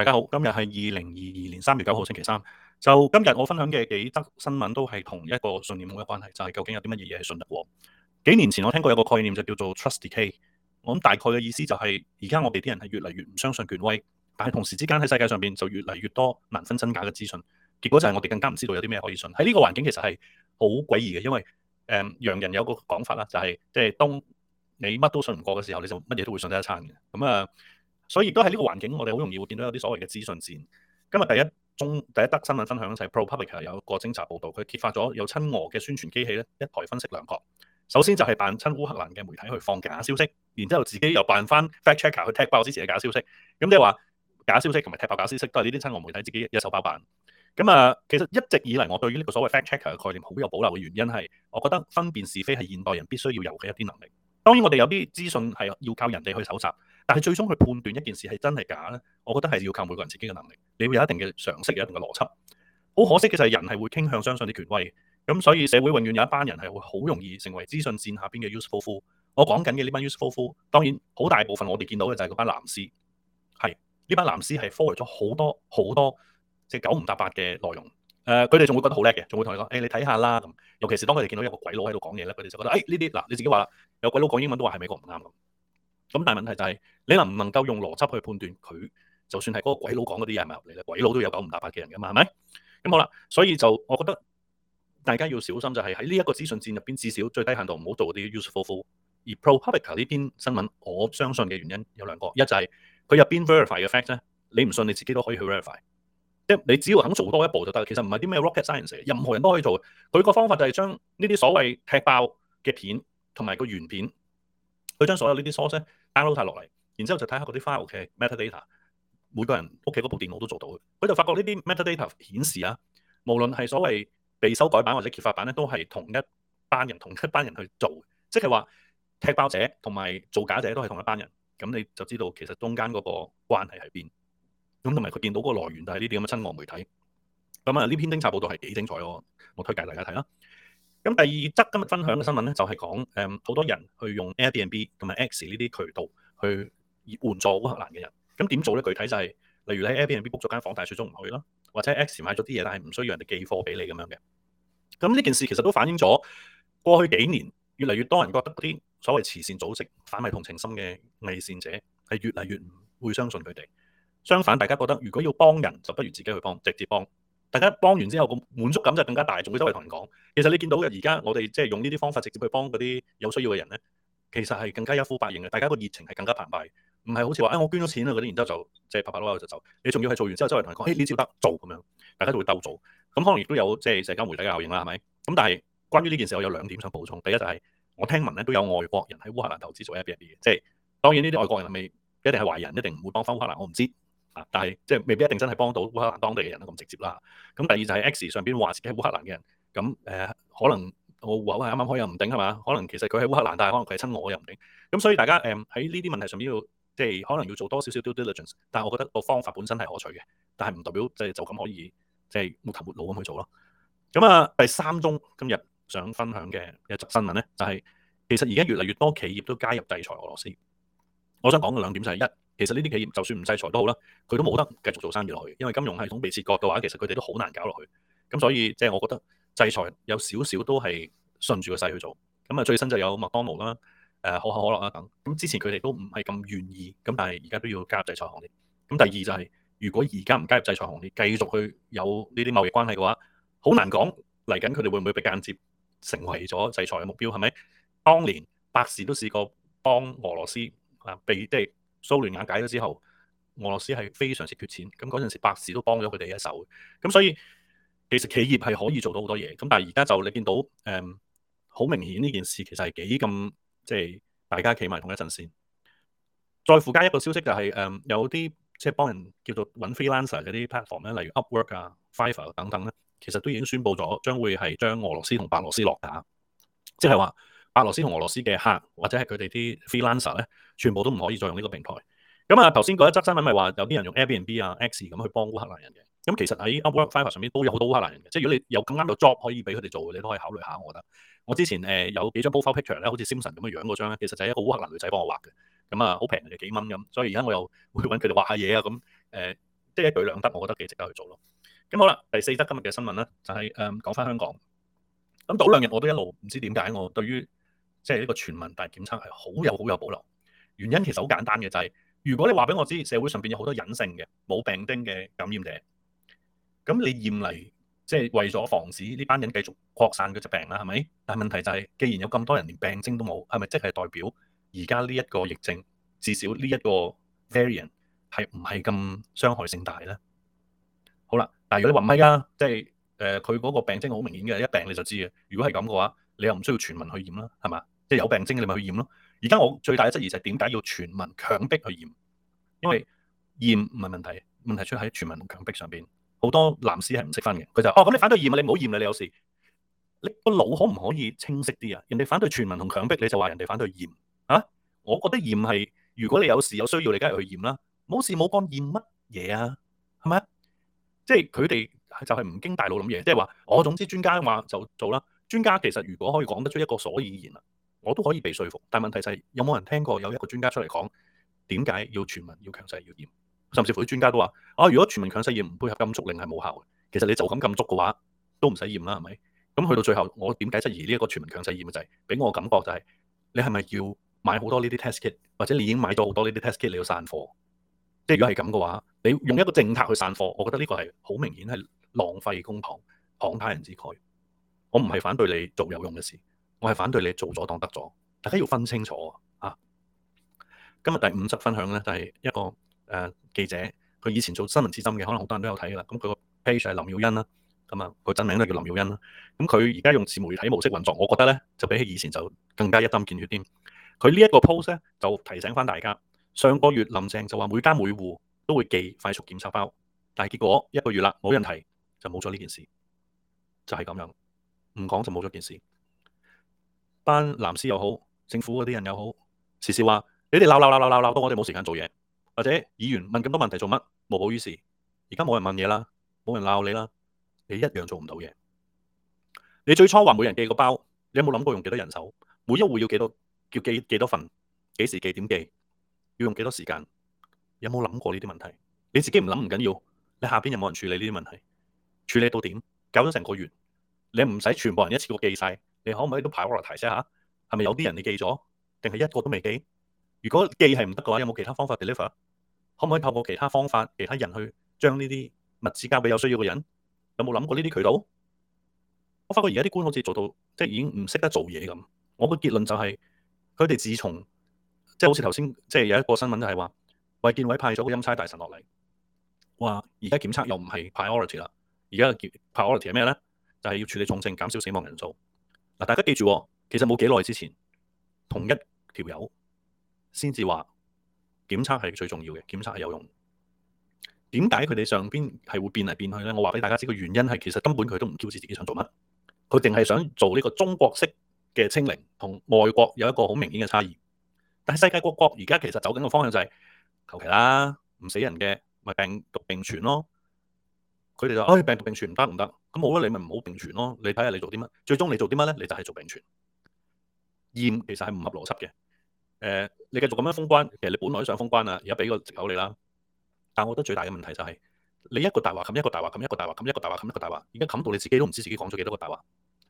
大家好，今日係二零二二年三月九號星期三。就今日我分享嘅幾則新聞都係同一個信念冇乜關係，就係、是、究竟有啲乜嘢嘢係信得過。幾年前我聽過有個概念就叫做 Truth Decay。我諗大概嘅意思就係、是，而家我哋啲人係越嚟越唔相信權威，但係同時之間喺世界上邊就越嚟越多難分真假嘅資訊。結果就係我哋更加唔知道有啲咩可以信。喺呢個環境其實係好詭異嘅，因為誒，洋、嗯、人有個講法啦，就係即係當你乜都信唔過嘅時候，你就乜嘢都會信得一餐嘅。咁、嗯、啊～所以亦都喺呢個環境，我哋好容易會見到有啲所謂嘅資訊戰。今日第一中第一則新聞分享就係 ProPublica 有個偵查報導，佢揭發咗有親俄嘅宣傳機器咧，一台分飾兩角。首先就係扮親烏克蘭嘅媒體去放假消息，然之後自己又扮翻 fact checker 去踢爆之前嘅假消息。咁即係話假消息同埋踢爆假消息都係呢啲親俄媒體自己一手包辦。咁、嗯、啊，其實一直以嚟我對於呢個所謂 fact checker 嘅概念好有保留嘅原因係，我覺得分辨是非係現代人必須要有嘅一啲能力。當然我哋有啲資訊係要靠人哋去搜集。但係最終去判斷一件事係真係假咧，我覺得係要靠每個人自己嘅能力。你會有一定嘅常識，有一定嘅邏輯。好可惜嘅就係人係會傾向相信啲權威，咁所以社會永遠有一班人係會好容易成為資訊戰下邊嘅 useful fool。我講緊嘅呢班 useful fool，當然好大部分我哋見到嘅就係嗰班藍絲。係呢班藍絲係 follow 咗好多好多只、即係、九唔搭八嘅內容。誒、呃，佢哋仲會覺得好叻嘅，仲會同你講：誒、哎，你睇下啦咁。尤其是當佢哋見到有個鬼佬喺度講嘢咧，佢哋就覺得：誒、哎，呢啲嗱，你自己話有鬼佬講英文都話係美國唔啱咁？咁但係問題就係你能唔能夠用邏輯去判斷佢就算係嗰個鬼佬講嗰啲嘢係咪合理咧？鬼佬都有九唔搭八嘅人㗎嘛，係咪？咁好啦，所以就我覺得大家要小心就係喺呢一個資訊戰入邊，至少最低限度唔好做啲 useful fool。而 ProPublica 呢篇新聞，我相信嘅原因有兩個，一就係佢入邊 verify 嘅 fact 咧，你唔信你自己都可以去 verify，即係你只要肯做多一步就得。其實唔係啲咩 rocket science，任何人都可以做。佢個方法就係將呢啲所謂踢爆嘅片同埋個原片，佢將所有呢啲 source download 佢落嚟，然之後就睇下嗰啲 file 嘅 metadata，每個人屋企嗰部電腦都做到嘅。佢就發覺呢啲 metadata 顯示啊，無論係所謂被修改版或者揭發版咧，都係同一班人、同一班人去做，即係話踢爆者同埋造假者都係同一班人。咁你就知道其實中間嗰個關係喺邊。咁同埋佢見到個來源就係呢啲咁嘅親俄媒體。咁啊，呢篇偵查報導係幾精彩咯，我推介大家睇啦。咁第二則今日分享嘅新聞咧，就係、是、講誒好、嗯、多人去用 Airbnb 同埋 Etsy 呢啲渠道去援助烏克蘭嘅人。咁點做咧？具體就係、是，例如你喺 Airbnb book 咗間房，但係最終唔去啦；或者 Etsy 買咗啲嘢，但係唔需要人哋寄貨俾你咁樣嘅。咁呢件事其實都反映咗過去幾年越嚟越多人覺得嗰啲所謂慈善組織販賣同情心嘅偽善者係越嚟越唔會相信佢哋。相反，大家覺得如果要幫人，就不如自己去幫，直接幫。大家幫完之後個滿足感就更加大，仲會周圍同人講。其實你見到嘅而家我哋即係用呢啲方法直接去幫嗰啲有需要嘅人咧，其實係更加一呼百應嘅，大家個熱情係更加澎湃。唔係好似話誒我捐咗錢啊嗰啲，然之後就即係拍拍攞攞就走。你仲要係做完之後周圍同人講，誒你只得做咁樣，大家就會鬥做。咁可能亦都有即係社交媒體嘅效應啦，係咪？咁但係關於呢件事，我有兩點想補充。第一就係我聽聞咧都有外國人喺烏克蘭投資做 Airbnb 嘅。即係當然呢啲外國人係咪一定係華人，一定唔會幫翻烏克蘭，我唔知。但係即係未必一定真係幫到烏克蘭當地嘅人啦，咁直接啦。咁第二就係 X 上邊話自己係烏克蘭嘅人，咁誒、呃、可能我戶口係啱啱開又唔定係嘛？可能其實佢係烏克蘭，但係可能佢係親我又唔定。咁所以大家誒喺呢啲問題上面要即係可能要做多少少 due diligence。但係我覺得個方法本身係可取嘅，但係唔代表即係就咁、是、可以即係冇頭冇腦咁去做咯。咁啊，第三宗今日想分享嘅一則新聞咧，就係、是、其實而家越嚟越多企業都加入制裁俄羅斯。我想講嘅兩點就係、是、一。其實呢啲企業就算唔制裁都好啦，佢都冇得繼續做生意落去，因為金融系統被切割嘅話，其實佢哋都好難搞落去。咁所以即係我覺得制裁有少少都係順住個勢去做。咁啊，最新就有麥當勞啦、誒、啊、可口可樂啦等等。咁之前佢哋都唔係咁願意，咁但係而家都要加入制裁行列。咁第二就係，如果而家唔加入制裁行列，繼續去有呢啲貿易關係嘅話，好難講嚟緊佢哋會唔會被間接成為咗制裁嘅目標？係咪？當年百事都試過幫俄羅斯啊，被即係。蘇聯瓦解咗之後，俄羅斯係非常之缺錢，咁嗰陣時百事都幫咗佢哋一手，咁所以其實企業係可以做到好多嘢，咁但係而家就你見到誒好、嗯、明顯呢件事其實係幾咁即係大家企埋同一陣線。再附加一個消息就係、是、誒、嗯、有啲即係幫人叫做揾 freelancer 嗰啲 platform 咧，例如 Upwork 啊、Fiverr 等等咧，其實都已經宣布咗將會係將俄羅斯同白羅斯落架，即係話。白羅斯同俄羅斯嘅客或者係佢哋啲 freelancer 咧，全部都唔可以再用呢個平台。咁啊，頭先嗰一則新聞咪話有啲人用 Airbnb 啊、Etsy 咁去幫烏克蘭人嘅。咁其實喺 Upwork、Fiverr 上面都有好多烏克蘭人嘅，即係如果你有咁啱個 job 可以俾佢哋做，你都可以考慮下。我覺得我之前誒有幾張 profile picture 咧，好似 Simpson 咁嘅樣嗰張咧，其實就係一個烏克蘭女仔幫我畫嘅。咁啊，好平嘅，幾蚊咁。所以而家我又會搵佢哋畫下嘢啊，咁誒，即係一舉兩得，我覺得幾值得去做咯。咁好啦，第四則今日嘅新聞咧就係誒講翻香港。咁早兩日我都一路唔知點解我對於。即係呢個全民大檢測係好有好有保留，原因其實好簡單嘅就係，如果你話俾我知社會上邊有好多隱性嘅冇病徵嘅感染者，咁你驗嚟即係為咗防止呢班人繼續擴散佢疾病啦，係咪？但係問題就係，既然有咁多人連病徵都冇，係咪即係代表而家呢一個疫症至少呢一個 variant 係唔係咁傷害性大咧？好啦，但如果你話唔係啊，即係誒佢嗰個病徵好明顯嘅，一病你就知嘅。如果係咁嘅話，你又唔需要全民去驗啦，係嘛？即係有病徵嘅，你咪去驗咯。而家我最大嘅質疑就係點解要全民強迫去驗？因為驗唔係問題，問題出喺全民同強迫上邊。好多男士係唔識分嘅，佢就哦，咁你反對驗啊，你唔好驗啦，你有事。你個腦可唔可以清晰啲啊？人哋反對全民同強迫，你就話人哋反對驗啊？我覺得驗係如果你有事有需要，你梗係去驗啦。冇事冇幹驗乜嘢啊？係咪啊？即係佢哋就係唔經大腦諗嘢，即係話我總之專家話就做啦。專家其實如果可以講得出一個所以然啦，我都可以被說服。但問題係有冇人聽過有一個專家出嚟講點解要全民要強制要驗？甚至乎啲專家都話：啊，如果全民強制驗唔配合禁足令係冇效嘅。其實你就咁禁足嘅話，都唔使驗啦，係咪？咁去到最後，我點解質疑呢一個全民強制驗嘅就係、是、俾我感覺就係、是、你係咪要買好多呢啲 test kit，或者你已經買咗好多呢啲 test kit 你要散貨？即係如果係咁嘅話，你用一個政策去散貨，我覺得呢個係好明顯係浪費公帑，慷他人之慨。我唔係反對你做有用嘅事，我係反對你做咗當得咗。大家要分清楚啊！今日第五則分享呢就係、是、一個誒、呃、記者，佢以前做新聞刺針嘅，可能好多人都有睇噶啦。咁佢個 page 係林妙茵啦，咁啊佢真名咧叫林妙茵啦。咁佢而家用自媒體模式運作，我覺得呢就比起以前就更加一針見血啲。佢呢一個 post 咧就提醒翻大家，上個月林鄭就話每家每戶都會寄快速檢測包，但係結果一個月啦冇人提，就冇咗呢件事，就係、是、咁樣。唔講就冇咗件事，班藍絲又好，政府嗰啲人又好，時時話你哋鬧鬧鬧鬧鬧到我哋冇時間做嘢，或者議員問咁多問題做乜，無補於事。而家冇人問嘢啦，冇人鬧你啦，你一樣做唔到嘢。你最初話每人寄個包，你有冇諗過用幾多人手？每一會要寄幾多？要寄幾多份？幾時寄？點寄？要用幾多時間？有冇諗過呢啲問題？你自己唔諗唔緊要，你下邊有冇人處理呢啲問題？處理到點？搞咗成個月。你唔使全部人一次過記晒，你可唔可以都 priority 先嚇？係咪有啲人你記咗，定係一個都未記？如果記係唔得嘅話，有冇其他方法 deliver？可唔可以透過其他方法、其他人去將呢啲物資交俾有需要嘅人？有冇諗過呢啲渠道？我發覺而家啲官好似做到即係已經唔識得做嘢咁。我個結論就係佢哋自從即係好似頭先即係有一個新聞就係話，衞健委派咗個欽差大臣落嚟，話而家檢測又唔係 priority 啦，而家嘅 priority 係咩咧？就係要處理重症，減少死亡人數。大家記住、喎，其實冇幾耐之前，同一條友先至話檢測係最重要嘅，檢測係有用的。點解佢哋上邊係會變嚟變去呢？我話俾大家知個原因係，其實根本佢都唔知道自己想做乜，佢淨係想做呢個中國式嘅清零，同外國有一個好明顯嘅差異。但係世界各國而家其實走緊嘅方向就係求其啦，唔死人嘅，咪、就是、病毒並存咯。佢哋就：，哎，病毒並存唔得唔得，咁、嗯、好啦，你咪唔好並存咯。你睇下你做啲乜，最終你做啲乜咧？你就係做並存，而其實係唔合邏輯嘅。誒、呃，你繼續咁樣封關，其實你本來都想封關啊。而家俾個藉口你啦。但係我覺得最大嘅問題就係、是、你一個大話冚一個大話冚一個大話冚一個大話冚一個大話，而家冚到你自己都唔知自己講咗幾多個大話。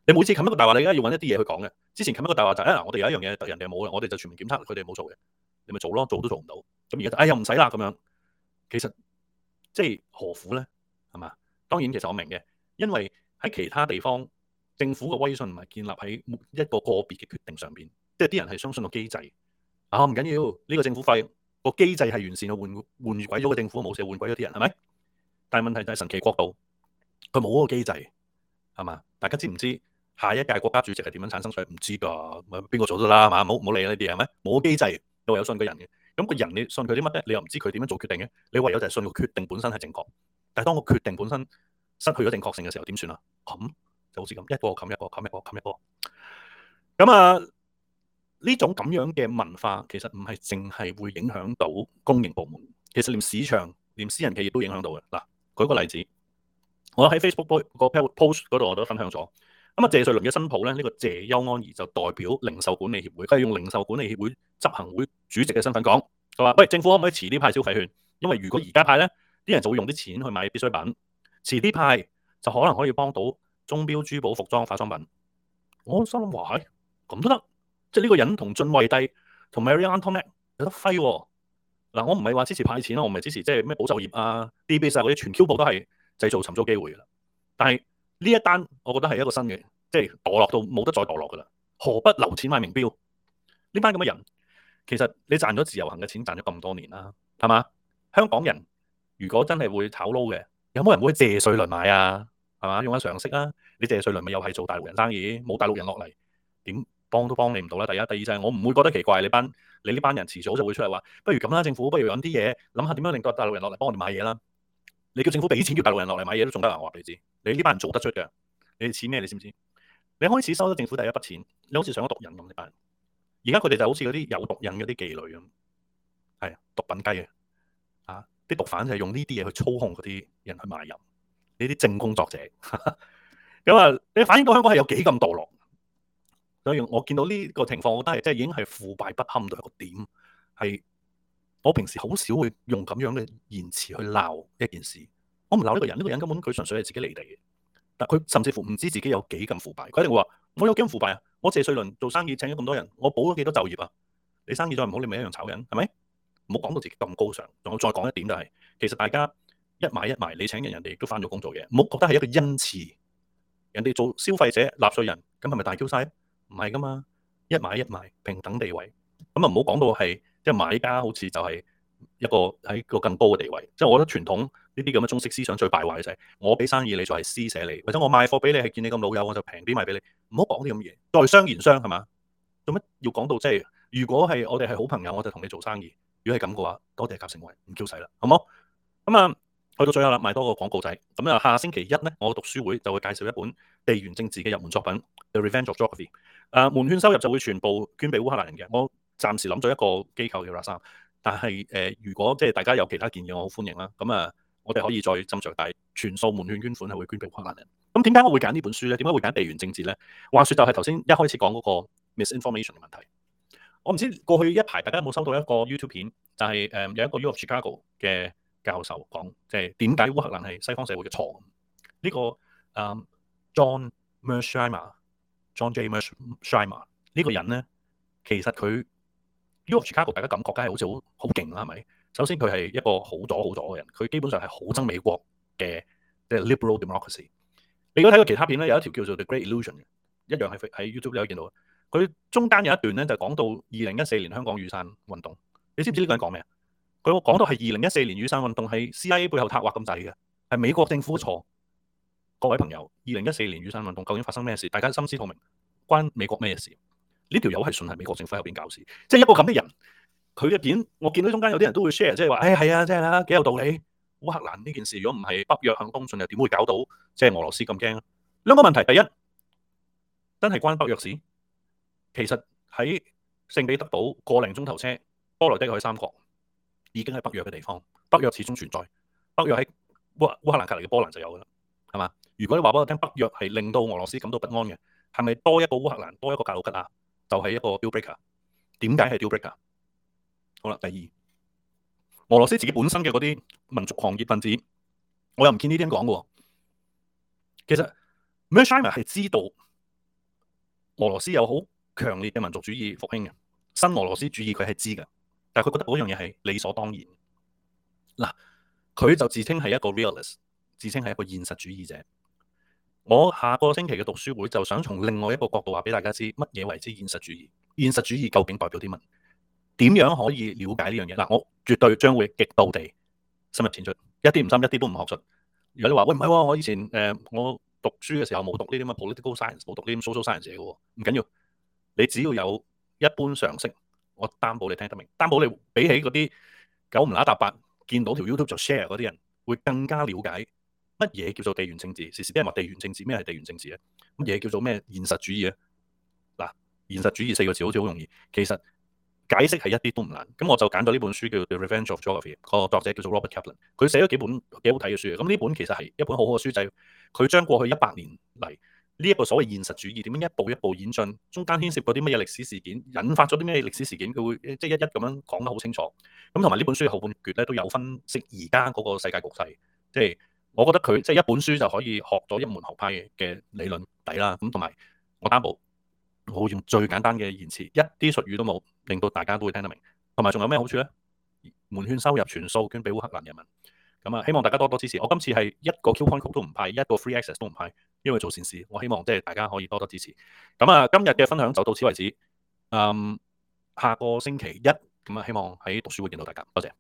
你每次冚一個大話，你而家要揾一啲嘢去講嘅。之前冚一個大話就係、是：，誒、哎，我哋有一樣嘢突人哋冇嘅，我哋就全面檢測，佢哋冇做嘅，你咪做咯，做都做唔到。咁而家，就是：「哎，又唔使啦，咁樣其實即係何苦咧？係嘛？當然，其實我明嘅，因為喺其他地方，政府嘅威信唔係建立喺一個個別嘅決定上邊，即係啲人係相信個機制。啊，唔緊要，呢、呢個政府廢、個機制係完善到換換鬼咗嘅政府冇事，換鬼咗啲人係咪？但係問題就係神奇國度，佢冇個機制，係嘛？大家知唔知下一屆國家主席係點樣產生？所以唔知㗎，邊個做得啦，係嘛？冇冇理呢啲係咪？冇個機制，你話有信個人嘅，咁、個人你信佢啲乜咧？你又唔知佢點樣做決定嘅，你唯有就係信個決定本身係正確。但係，當我決定本身失去咗正確性嘅時候，點算啊？冚、嗯、就好似咁，一個冚一個，冚一個，冚一個。咁、嗯、啊，呢種咁樣嘅文化，其實唔係淨係會影響到公營部門，其實連市場、連私人企業都影響到嘅。嗱、啊，舉個例子，我喺 Facebook 個 post 嗰度我都分享咗。咁、嗯、啊，謝瑞麟嘅新抱咧，呢個謝邱安儀就代表零售管理協會，佢係用零售管理協會執行會主席嘅身份講，佢話：喂，政府可唔可以遲啲派消費券？因為如果而家派咧，啲人就會用啲錢去買必需品，遲啲派就可能可以幫到鐘錶、珠寶、服裝、化妝品。我心諗哇，咁都得，即係呢個人同晉惠帝同 Marie Antoinette 有得揮、啊。嗱、啊，我唔係話支持派錢咯，我咪支持即係咩保就業啊，D B 晒嗰啲全敲布都係製造尋租機會噶啦。但係呢一單，我覺得係一個新嘅，即係墮落到冇得再墮落噶啦。何不留錢買名錶？呢班咁嘅人，其實你賺咗自由行嘅錢，賺咗咁多年啦、啊，係嘛？香港人。如果真係會炒撈嘅，有冇人會借瑞麟買啊？係嘛，用翻常識啊！你借瑞麟咪又係做大陸人生意，冇大陸人落嚟點幫都幫你唔到啦。第一、第二就係我唔會覺得奇怪，你班你呢班人遲早就會出嚟話，不如咁啦，政府不如揾啲嘢，諗下點樣令到大陸人落嚟幫我哋買嘢啦。你叫政府俾啲錢叫大陸人落嚟買嘢都仲得啊！我話俾你知，你呢班人做得出嘅，你似咩？你知唔知？你開始收咗政府第一筆錢，你好似上咗毒癮咁呢班人。而家佢哋就好似嗰啲有毒癮嗰啲妓女咁，係毒品雞嘅，啊！啲毒販就係用呢啲嘢去操控嗰啲人去賣淫。呢啲正工作者，咁 啊，你反映到香港係有幾咁墮落，所以我見到呢個情況，我都係即係已經係腐敗不堪到一個點。係我平時好少會用咁樣嘅言辭去鬧一件事，我唔鬧呢個人，呢、呢個人根本佢純粹係自己離地嘅，但佢甚至乎唔知自己有幾咁腐敗。佢一定會話：我有幾咁腐敗啊？我謝瑞麟做生意請咗咁多人，我保咗幾多就業啊？你生意再唔好，你咪一樣炒人，係咪？唔好講到自己咁高尚。仲有再講一點就係，其實大家一買一賣，你請人，人哋都翻咗工做嘢。唔好覺得係一個恩賜，人哋做消費者、納稅人，咁係咪大叫晒？唔係噶嘛，一買一賣，平等地位。咁啊，唔好講到係即係買家好似就係一個喺個更高嘅地位。即係我覺得傳統呢啲咁嘅中式思想最敗壞嘅就係。我俾生意你，就係施捨你；或者我賣貨俾你，係見你咁老友，我就平啲賣俾你。唔好講啲咁嘢。在商言商係嘛？做乜要講到即係？如果係我哋係好朋友，我就同你做生意。如果係咁嘅話，多啲係教成為唔驕使啦，好冇？咁啊，去到最後啦，賣多個廣告仔。咁啊，下星期一咧，我讀書會就會介紹一本地緣政治嘅入門作品《The Revenge of Geography》，呃，門券收入就會全部捐俾烏克蘭人嘅。我暫時諗咗一個機構叫亞 a，但係誒、呃，如果即係大家有其他建議，我好歡迎啦。咁啊，我哋可以再斟酌大全數門券捐款係會捐俾烏克蘭人。咁點解我會揀呢本書咧？點解會揀地緣政治咧？話說就係頭先一開始講嗰個 misinformation 嘅問題。我唔知過去一排大家有冇收到一個 YouTube 片，就係誒有一個 U of Chicago 嘅教授講，即係點解烏克蘭係西方社會嘅錯？呢、呢個 John Mearsheimer、嗯、John, Mearsheimer, John J. Mearsheimer 呢個人咧，其實佢 U of Chicago，大家感覺梗係好似好好勁啦，係咪？首先佢係一個好左好左嘅人，佢基本上係好憎美國嘅，即係 liberal democracy。你如果睇過其他片咧，有一條叫做 The Great Illusion 嘅，一樣喺喺 YouTube 你可以見到。佢中間有一段咧就講到二零一四年香港雨傘運動，你知唔知呢個人講咩啊？佢講到係二零一四年雨傘運動係 CIA 背後策劃咁滯嘅，係美國政府嘅錯。各位朋友，二零一四年雨傘運動究竟發生咩事？大家心知肚明，關美國咩事？呢條友係純係美國政府喺後邊搞事，即係一個咁嘅人，佢嘅片我見到中間有啲人都會 share，即係話，唉係啊，真係啦，幾有道理。烏克蘭呢件事，如果唔係北約向東擴，仲又點會搞到即係俄羅斯咁驚啊？兩個問題，第一，真係關北約事？其實喺聖彼得堡個零鐘頭車，波羅的海三國已經係北約嘅地方。北約始終存在，北約喺烏烏克蘭隔籬嘅波蘭就有噶啦，係嘛？如果你話俾我聽，北約係令到俄羅斯感到不安嘅，係咪多一個烏克蘭，多一個格魯吉亞就係、是、一個 deal breaker？點解係 deal breaker？好啦，第二，俄羅斯自己本身嘅嗰啲民族狂熱分子，我又唔見呢啲人講噶。其實梅德韋傑夫係知道俄羅斯又好。強烈嘅民族主義復興嘅新俄羅斯主義，佢係知嘅，但係佢覺得嗰樣嘢係理所當然嗱。佢就自稱係一個 realist，自稱係一個現實主義者。我下個星期嘅讀書會就想從另外一個角度話俾大家知乜嘢為之現實主義，現實主義究竟代表啲乜？點樣可以了解呢樣嘢嗱？我絕對將會極度地深入淺出，一啲唔深，一啲都唔學術。如果你話喂唔係，啊，我以前誒、呃、我讀書嘅時候冇讀呢啲咁 political science，冇讀呢啲 social science 嘅，唔緊要。你只要有一般常識，我擔保你聽得明。擔保你比起嗰啲九唔乸搭八，見到條 YouTube 就 share 嗰啲人，會更加了解乜嘢叫做地緣政治。時時啲人話地緣政治，咩係地緣政治咧？乜嘢叫做咩現實主義咧？嗱，現實主義四個字好似好容易，其實解釋係一啲都唔難。咁我就揀咗呢本書叫做《The Revenge of Geography》，個作者叫做 Robert Kaplan。佢寫咗幾本幾好睇嘅書嘅。咁呢本其實係一本好好嘅書仔，佢將過去一百年嚟。呢一個所謂現實主義點樣一步一步演進，中間牽涉嗰啲乜嘢歷史事件，引發咗啲咩歷史事件，佢會即係一一咁樣講得好清楚。咁同埋呢本書後半卷咧都有分析而家嗰個世界局勢，即係我覺得佢即係一本書就可以學咗一門學派嘅理論底啦。咁同埋我擔保我會用最簡單嘅言辭，一啲術語都冇，令到大家都會聽得明。同埋仲有咩好處咧？門券收入全數捐俾烏克蘭人民。咁、嗯、啊，希望大家多多支持。我今次係一個 coupon code 都唔派，一個 Free Access 都唔派。因為做善事，我希望大家可以多多支持。咁啊，今日嘅分享就到此為止。嗯，下個星期一咁啊，希望喺讀書會見到大家。多謝。